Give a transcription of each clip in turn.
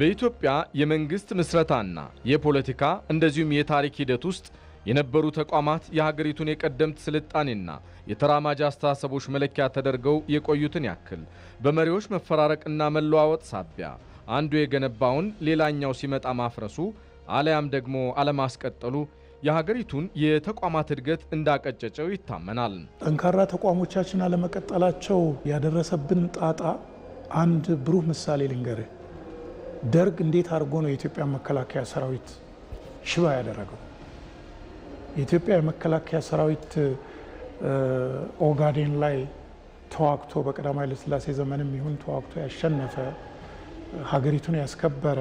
በኢትዮጵያ የመንግስት ምስረታና የፖለቲካ እንደዚሁም የታሪክ ሂደት ውስጥ የነበሩ ተቋማት የሀገሪቱን የቀደምት ስልጣኔና የተራማጅ አስተሳሰቦች መለኪያ ተደርገው የቆዩትን ያክል በመሪዎች መፈራረቅና መለዋወጥ ሳቢያ አንዱ የገነባውን ሌላኛው ሲመጣ ማፍረሱ አለያም ደግሞ አለማስቀጠሉ የሀገሪቱን የተቋማት እድገት እንዳቀጨጨው ይታመናል። ጠንካራ ተቋሞቻችን አለመቀጠላቸው ያደረሰብን ጣጣ አንድ ብሩህ ምሳሌ ልንገርህ። ደርግ እንዴት አድርጎ ነው የኢትዮጵያ መከላከያ ሰራዊት ሽባ ያደረገው? የኢትዮጵያ የመከላከያ ሰራዊት ኦጋዴን ላይ ተዋግቶ በቀዳማዊ ኃይለ ሥላሴ ዘመንም ይሁን ተዋግቶ ያሸነፈ ሀገሪቱን ያስከበረ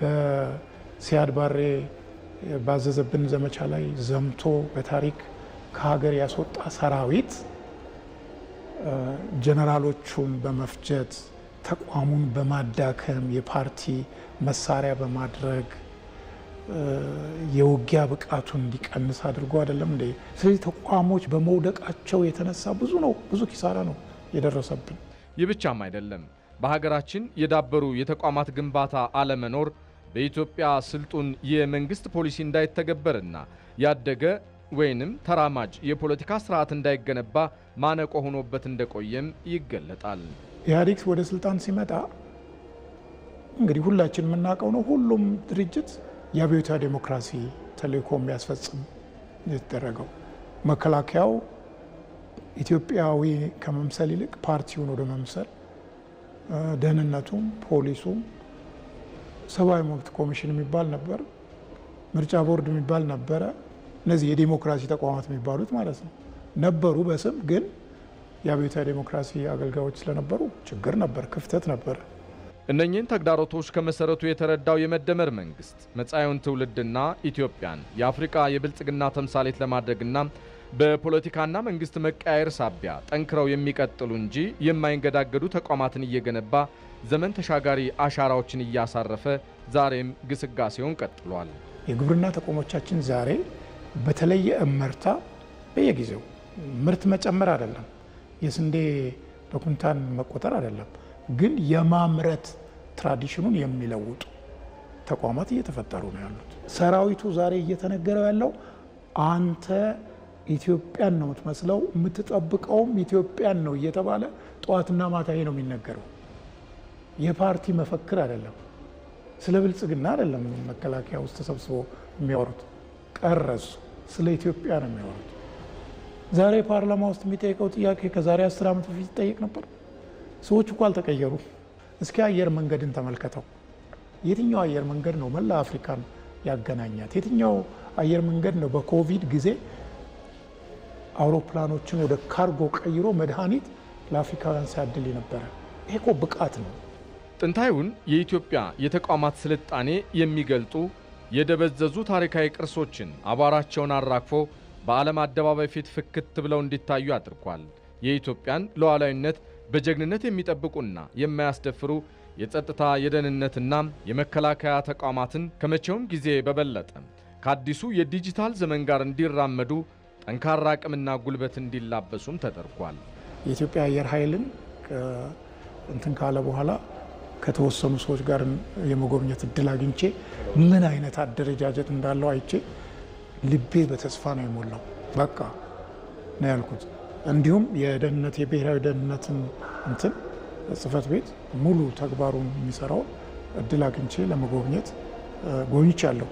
በሲያድ ባሬ ባዘዘብን ዘመቻ ላይ ዘምቶ በታሪክ ከሀገር ያስወጣ ሰራዊት ጀነራሎቹን በመፍጀት ተቋሙን በማዳከም የፓርቲ መሳሪያ በማድረግ የውጊያ ብቃቱን እንዲቀንስ አድርጎ አይደለም እንደ ስለዚህ ተቋሞች በመውደቃቸው የተነሳ ብዙ ነው ብዙ ኪሳራ ነው የደረሰብን። ይህ ብቻም አይደለም። በሀገራችን የዳበሩ የተቋማት ግንባታ አለመኖር በኢትዮጵያ ስልጡን የመንግስት ፖሊሲ እንዳይተገበርና ያደገ ወይንም ተራማጅ የፖለቲካ ስርዓት እንዳይገነባ ማነቆ ሆኖበት እንደቆየም ይገለጣል። ኢህአዴግ ወደ ስልጣን ሲመጣ እንግዲህ ሁላችን የምናውቀው ነው። ሁሉም ድርጅት የአብዮታ ዴሞክራሲ ተልእኮ የሚያስፈጽም የተደረገው መከላከያው ኢትዮጵያዊ ከመምሰል ይልቅ ፓርቲውን ወደ መምሰል፣ ደህንነቱም፣ ፖሊሱም፣ ሰብአዊ መብት ኮሚሽን የሚባል ነበር፣ ምርጫ ቦርድ የሚባል ነበረ። እነዚህ የዴሞክራሲ ተቋማት የሚባሉት ማለት ነው ነበሩ በስም ግን የአብዮታዊ ዴሞክራሲ አገልጋዮች ስለነበሩ ችግር ነበር፣ ክፍተት ነበር። እነኚህን ተግዳሮቶች ከመሰረቱ የተረዳው የመደመር መንግስት መጻኤውን ትውልድና ኢትዮጵያን የአፍሪቃ የብልጽግና ተምሳሌት ለማድረግና በፖለቲካና መንግስት መቀያየር ሳቢያ ጠንክረው የሚቀጥሉ እንጂ የማይንገዳገዱ ተቋማትን እየገነባ ዘመን ተሻጋሪ አሻራዎችን እያሳረፈ ዛሬም ግስጋሴውን ቀጥሏል። የግብርና ተቋሞቻችን ዛሬ በተለየ እመርታ በየጊዜው ምርት መጨመር አይደለም የስንዴ በኩንታን መቆጠር አይደለም፣ ግን የማምረት ትራዲሽኑን የሚለውጡ ተቋማት እየተፈጠሩ ነው ያሉት። ሰራዊቱ ዛሬ እየተነገረው ያለው አንተ ኢትዮጵያን ነው የምትመስለው፣ የምትጠብቀውም ኢትዮጵያን ነው እየተባለ ጠዋትና ማታ ነው የሚነገረው። የፓርቲ መፈክር አይደለም፣ ስለ ብልጽግና አይደለም። መከላከያ ውስጥ ተሰብስቦ የሚያወሩት ቀረሱ፣ ስለ ኢትዮጵያ ነው የሚያወሩት። ዛሬ ፓርላማ ውስጥ የሚጠይቀው ጥያቄ ከዛሬ አስር ዓመት በፊት ይጠይቅ ነበር። ሰዎች እኮ አልተቀየሩ። እስኪ አየር መንገድን ተመልከተው። የትኛው አየር መንገድ ነው መላ አፍሪካን ያገናኛት? የትኛው አየር መንገድ ነው በኮቪድ ጊዜ አውሮፕላኖችን ወደ ካርጎ ቀይሮ መድኃኒት ለአፍሪካውያን ሲያድል የነበረ? ይሄ እኮ ብቃት ነው። ጥንታዩን የኢትዮጵያ የተቋማት ስልጣኔ የሚገልጡ የደበዘዙ ታሪካዊ ቅርሶችን አቧራቸውን አራግፎ በዓለም አደባባይ ፊት ፍክት ብለው እንዲታዩ አድርጓል። የኢትዮጵያን ሉዓላዊነት በጀግንነት የሚጠብቁና የማያስደፍሩ የጸጥታ የደህንነትና የመከላከያ ተቋማትን ከመቼውም ጊዜ በበለጠ ከአዲሱ የዲጂታል ዘመን ጋር እንዲራመዱ ጠንካራ አቅምና ጉልበት እንዲላበሱም ተደርጓል። የኢትዮጵያ አየር ኃይልን እንትን ካለ በኋላ ከተወሰኑ ሰዎች ጋር የመጎብኘት እድል አግኝቼ ምን አይነት አደረጃጀት እንዳለው አይቼ ልቤ በተስፋ ነው የሞላው። በቃ ነው ያልኩት። እንዲሁም የደህንነት የብሔራዊ ደህንነትን እንትን ጽህፈት ቤት ሙሉ ተግባሩን የሚሰራው እድል አግኝቼ ለመጎብኘት ጎብኝቻለሁ።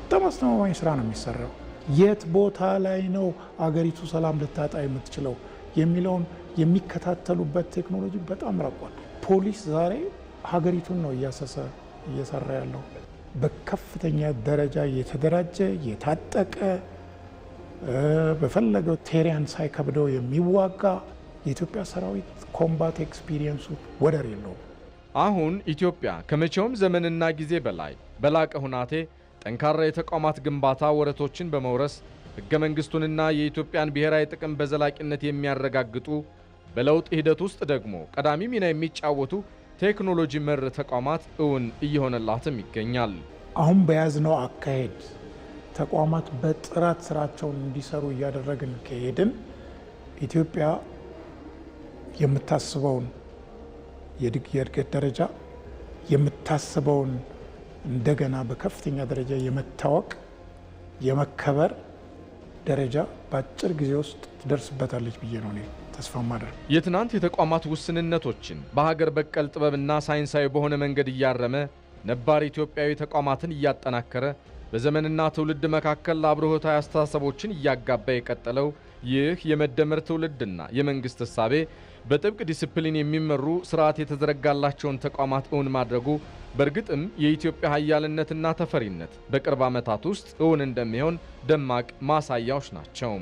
በጣም አስተማማኝ ስራ ነው የሚሰራው። የት ቦታ ላይ ነው አገሪቱ ሰላም ልታጣ የምትችለው የሚለውን የሚከታተሉበት ቴክኖሎጂ በጣም ረቋል። ፖሊስ ዛሬ ሀገሪቱን ነው እያሰሰ እየሰራ ያለው። በከፍተኛ ደረጃ የተደራጀ የታጠቀ በፈለገው ቴሪያን ሳይከብደው የሚዋጋ የኢትዮጵያ ሰራዊት ኮምባት ኤክስፒሪየንሱ ወደር የለውም። አሁን ኢትዮጵያ ከመቼውም ዘመንና ጊዜ በላይ በላቀ ሁናቴ ጠንካራ የተቋማት ግንባታ ወረቶችን በመውረስ ሕገ መንግሥቱንና የኢትዮጵያን ብሔራዊ ጥቅም በዘላቂነት የሚያረጋግጡ በለውጥ ሂደት ውስጥ ደግሞ ቀዳሚ ሚና የሚጫወቱ ቴክኖሎጂ መር ተቋማት እውን እየሆነላትም ይገኛል። አሁን በያዝነው አካሄድ ተቋማት በጥራት ስራቸውን እንዲሰሩ እያደረግን ከሄድን ኢትዮጵያ የምታስበውን የእድገት ደረጃ የምታስበውን እንደገና በከፍተኛ ደረጃ የመታወቅ የመከበር ደረጃ በአጭር ጊዜ ውስጥ ትደርስበታለች ብዬ ነው ተስፋ ማድረግ። የትናንት የተቋማት ውስንነቶችን በሀገር በቀል ጥበብና ሳይንሳዊ በሆነ መንገድ እያረመ ነባር ኢትዮጵያዊ ተቋማትን እያጠናከረ በዘመንና ትውልድ መካከል አብርሆታዊ አስተሳሰቦችን እያጋባ የቀጠለው ይህ የመደመር ትውልድና የመንግስት እሳቤ በጥብቅ ዲስፕሊን የሚመሩ ስርዓት የተዘረጋላቸውን ተቋማት እውን ማድረጉ በእርግጥም የኢትዮጵያ ሀያልነትና ተፈሪነት በቅርብ ዓመታት ውስጥ እውን እንደሚሆን ደማቅ ማሳያዎች ናቸው።